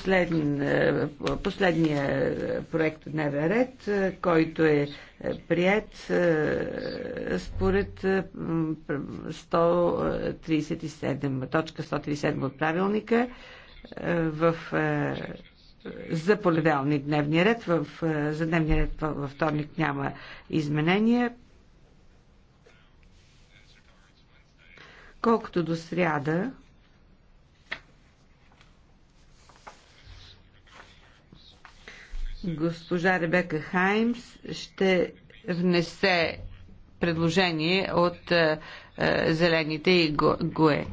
Последен, е, последния проект от дневен ред, е, който е, е прият според 137, точка 137 от правилника в за поледелни дневния ред. В, за дневния ред във вторник няма изменения. Колкото до сряда, Госпожа Ребека Хаймс ще внесе предложение от е, е, зелените и ГОЕ.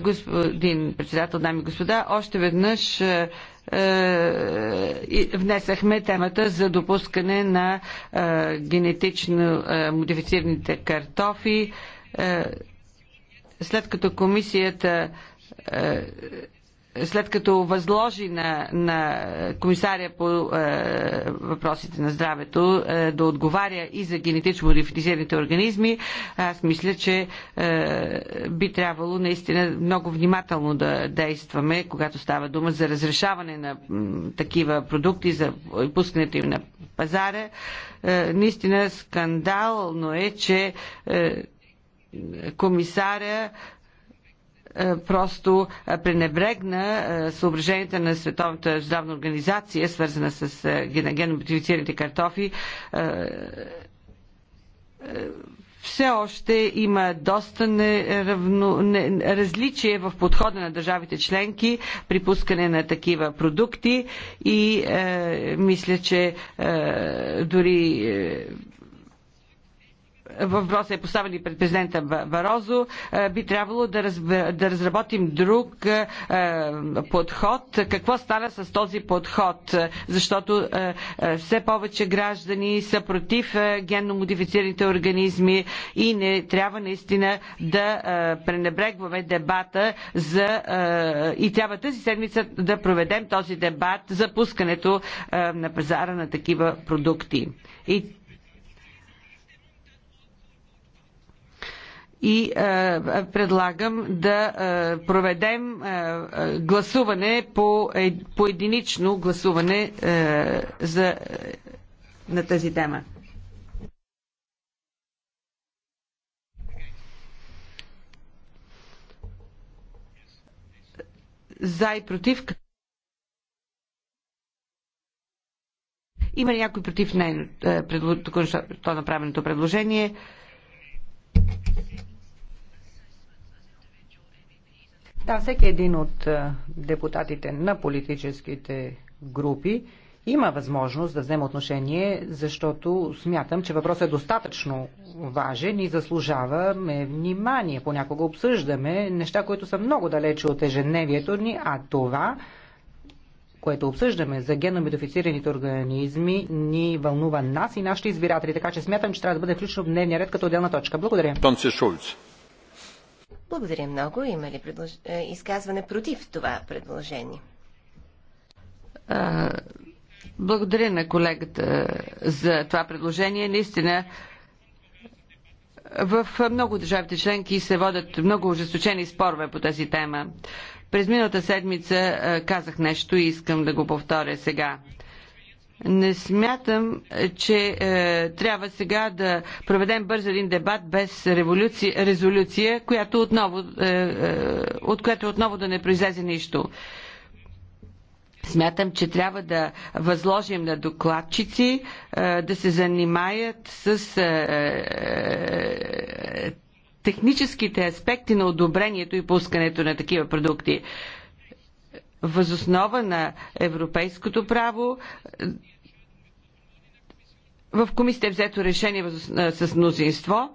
Господин председател, дами и господа, още веднъж е, е, внесахме темата за допускане на е, генетично е, модифицираните картофи. След като комисията след като възложи на, на комисаря по е, въпросите на здравето е, да отговаря и за генетично модифицираните организми, аз мисля, че е, би трябвало наистина много внимателно да действаме, когато става дума за разрешаване на м, такива продукти, за пускането им на пазара. Е, наистина скандално е, че е, комисаря е, просто е, пренебрегна е, съображенията на Световната здравна организация, свързана с геномодифицираните картофи. Все още има доста неравно, не, различие в подхода на държавите членки при пускане на такива продукти и е, мисля, че е, дори. Е, въпроса е поставен и пред президента Барозо, е, би трябвало да, разб... да разработим друг е, подход. Какво стана с този подход? Защото е, все повече граждани са против генно модифицираните организми и не трябва наистина да пренебрегваме дебата за и трябва тази седмица да проведем този дебат за пускането на пазара на такива продукти. И и а, е, предлагам да а, е, проведем а, е, гласуване по, е, по единично гласуване а, за, а, на тази тема. За и против. Има ли някой против не, току-що направеното предложение? Да, всеки един от депутатите на политическите групи има възможност да вземе отношение, защото смятам, че въпросът е достатъчно важен и заслужава внимание. Понякога обсъждаме неща, които са много далече от ежедневието ни, а това, което обсъждаме за геномедифицираните организми, ни вълнува нас и нашите избиратели. Така че смятам, че трябва да бъде включено в дневния ред като отделна точка. Благодаря. Благодаря много. Има ли предлож... Е, изказване против това предложение? А, благодаря на колегата за това предложение. Наистина, в много държавите членки се водят много ожесточени спорове по тази тема. През миналата седмица казах нещо и искам да го повторя сега не смятам, че е, трябва сега да проведем бърз един дебат без революция, резолюция, която отново, е, е, от която отново да не произлезе нищо. Смятам, че трябва да възложим на докладчици е, да се занимаят с е, е, техническите аспекти на одобрението и пускането на такива продукти възоснова на европейското право в комисията е взето решение с мнозинство.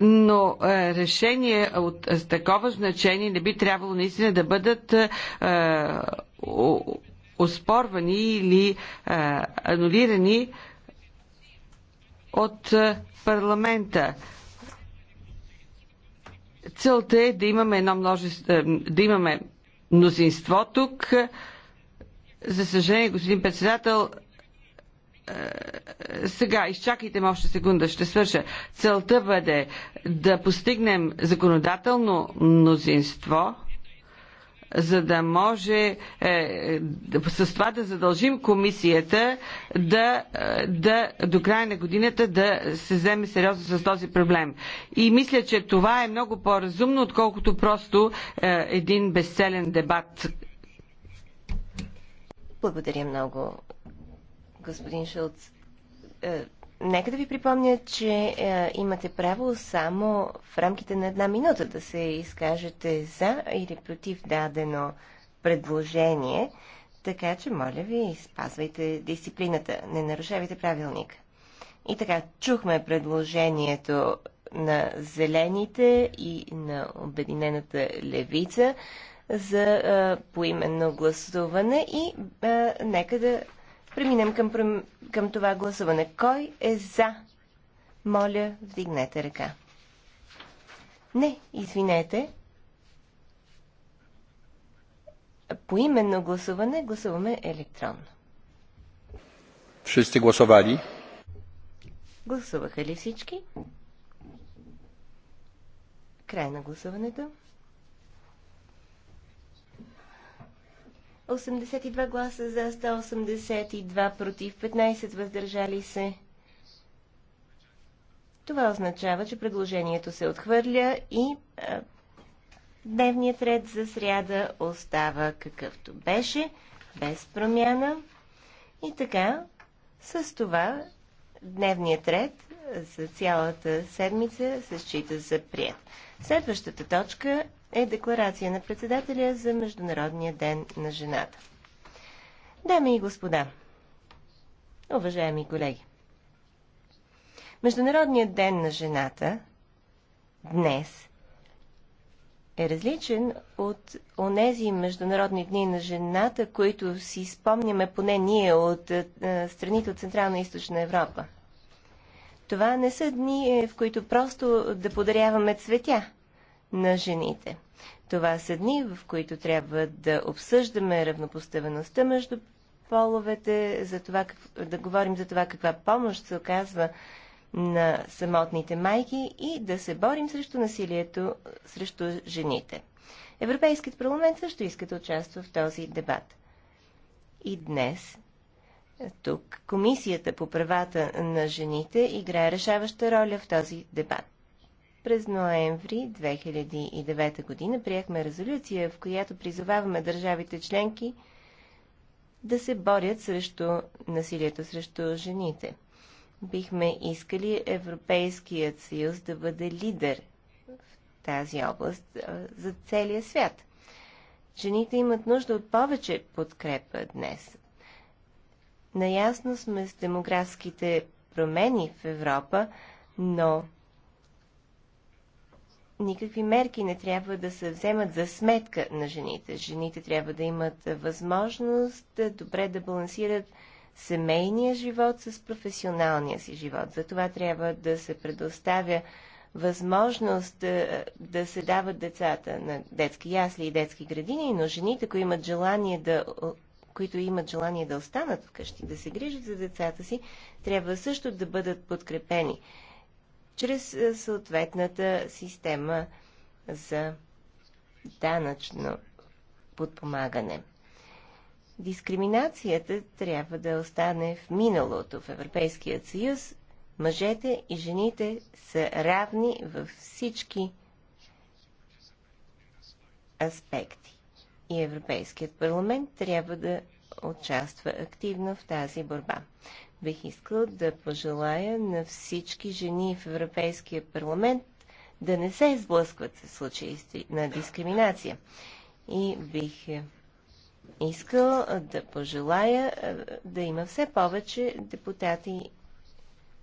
Но решение от такова значение не би трябвало наистина да бъдат е, оспорвани или е, анулирани от парламента. Целта е да имаме, едно множество, да имаме мнозинство тук. За съжаление, господин председател, е, сега, изчакайте ме още секунда, ще свърша. Целта бъде да постигнем законодателно мнозинство – за да може е, е с това да задължим комисията да, е, да до края на годината да се вземе сериозно с този проблем. И мисля, че това е много по-разумно, отколкото просто е, един безцелен дебат. Благодаря много, господин Шилц. Е, Нека да ви припомня, че е, имате право само в рамките на една минута да се изкажете за или против дадено предложение, така че, моля ви, спазвайте дисциплината, не нарушавайте правилник. И така, чухме предложението на Зелените и на Обединената левица за е, поименно гласуване и е, нека да Преминем към, към това гласуване. Кой е за? Моля, вдигнете ръка. Не, извинете. По именно гласуване гласуваме електронно. сте гласували? Гласуваха ли всички? Край на гласуването. 82 гласа за, 182 против, 15 въздържали се. Това означава, че предложението се отхвърля и а, дневният ред за сряда остава какъвто беше, без промяна. И така, с това дневният ред за цялата седмица се счита за прият. Следващата точка е декларация на председателя за Международния ден на жената. Дами и господа, уважаеми колеги, Международният ден на жената днес е различен от онези международни дни на жената, които си спомняме поне ние от е, страните от Централна и Източна Европа. Това не са дни, е, в които просто да подаряваме цветя на жените. Това са дни, в които трябва да обсъждаме равнопоставеността между половете, за това, да говорим за това каква помощ се оказва на самотните майки и да се борим срещу насилието срещу жените. Европейският парламент също иска да участва в този дебат. И днес тук Комисията по правата на жените играе решаваща роля в този дебат. През ноември 2009 година приехме резолюция, в която призоваваме държавите членки да се борят срещу насилието срещу жените. Бихме искали Европейският съюз да бъде лидер в тази област за целия свят. Жените имат нужда от повече подкрепа днес. Наясно сме с демографските промени в Европа, но никакви мерки не трябва да се вземат за сметка на жените. Жените трябва да имат възможност да добре да балансират семейния живот с професионалния си живот. За това трябва да се предоставя възможност да, е, да се дават децата на детски ясли и детски градини, но жените, които имат желание да които имат желание да останат вкъщи, да се грижат за децата си, трябва също да бъдат подкрепени чрез е, съответната система за данъчно подпомагане. Дискриминацията трябва да остане в миналото в Европейският съюз. Мъжете и жените са равни във всички аспекти. И Европейският парламент трябва да участва активно в тази борба. Бих искал да пожелая на всички жени в Европейския парламент да не се изблъскват с случаи на дискриминация. И бих искал да пожелая да има все повече депутати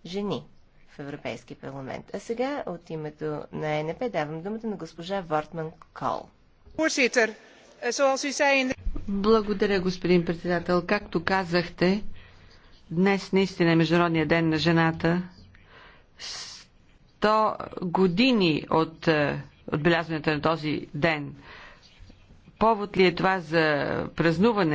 жени в Европейския парламент. А сега от името на ЕНП давам думата на госпожа Вортман Кол. Eh, Благодаря, господин председател. Както казахте, Днес наистина е Международния ден на жената. Сто години от е, отбелязването на този ден. Повод ли е това за празнуване?